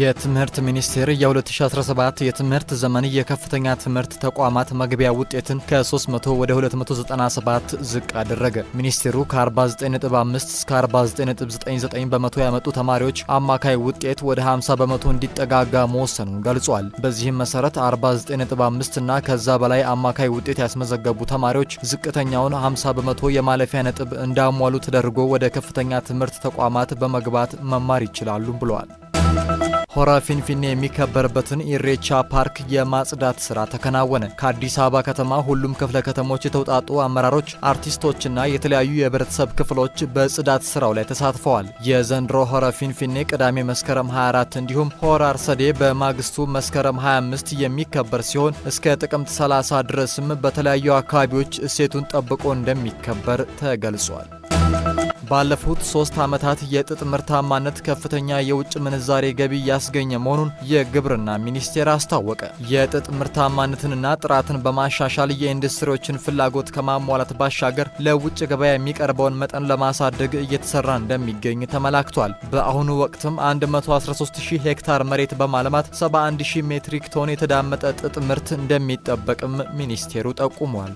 የትምህርት ሚኒስቴር የ2017 የትምህርት ዘመን የከፍተኛ ትምህርት ተቋማት መግቢያ ውጤትን ከ300 ወደ 297 ዝቅ አደረገ። ሚኒስቴሩ ከ49.5 እስከ 49.99 በመቶ ያመጡ ተማሪዎች አማካይ ውጤት ወደ 50 በመቶ እንዲጠጋጋ መወሰኑን ገልጿል። በዚህም መሰረት 49.5 እና ከዛ በላይ አማካይ ውጤት ያስመዘገቡ ተማሪዎች ዝቅተኛውን 50 በመቶ የማለፊያ ነጥብ እንዳሟሉ ተደርጎ ወደ ከፍተኛ ትምህርት ተቋማት በመግባት መማር ይችላሉ ብለዋል። ሆራ ፊንፊኔ የሚከበርበትን ኢሬቻ ፓርክ የማጽዳት ስራ ተከናወነ። ከአዲስ አበባ ከተማ ሁሉም ክፍለ ከተሞች የተውጣጡ አመራሮች፣ አርቲስቶችና የተለያዩ የህብረተሰብ ክፍሎች በጽዳት ስራው ላይ ተሳትፈዋል። የዘንድሮ ሆራ ፊንፊኔ ቅዳሜ መስከረም 24 እንዲሁም ሆራ አርሰዴ በማግስቱ መስከረም 25 የሚከበር ሲሆን እስከ ጥቅምት 30 ድረስም በተለያዩ አካባቢዎች እሴቱን ጠብቆ እንደሚከበር ተገልጿል። ባለፉት ሶስት ዓመታት የጥጥ ምርታማነት ከፍተኛ የውጭ ምንዛሬ ገቢ ያስገኘ መሆኑን የግብርና ሚኒስቴር አስታወቀ። የጥጥ ምርታማነትንና ጥራትን በማሻሻል የኢንዱስትሪዎችን ፍላጎት ከማሟላት ባሻገር ለውጭ ገበያ የሚቀርበውን መጠን ለማሳደግ እየተሰራ እንደሚገኝ ተመላክቷል። በአሁኑ ወቅትም 113000 ሄክታር መሬት በማልማት 71000 ሜትሪክ ቶን የተዳመጠ ጥጥ ምርት እንደሚጠበቅም ሚኒስቴሩ ጠቁሟል።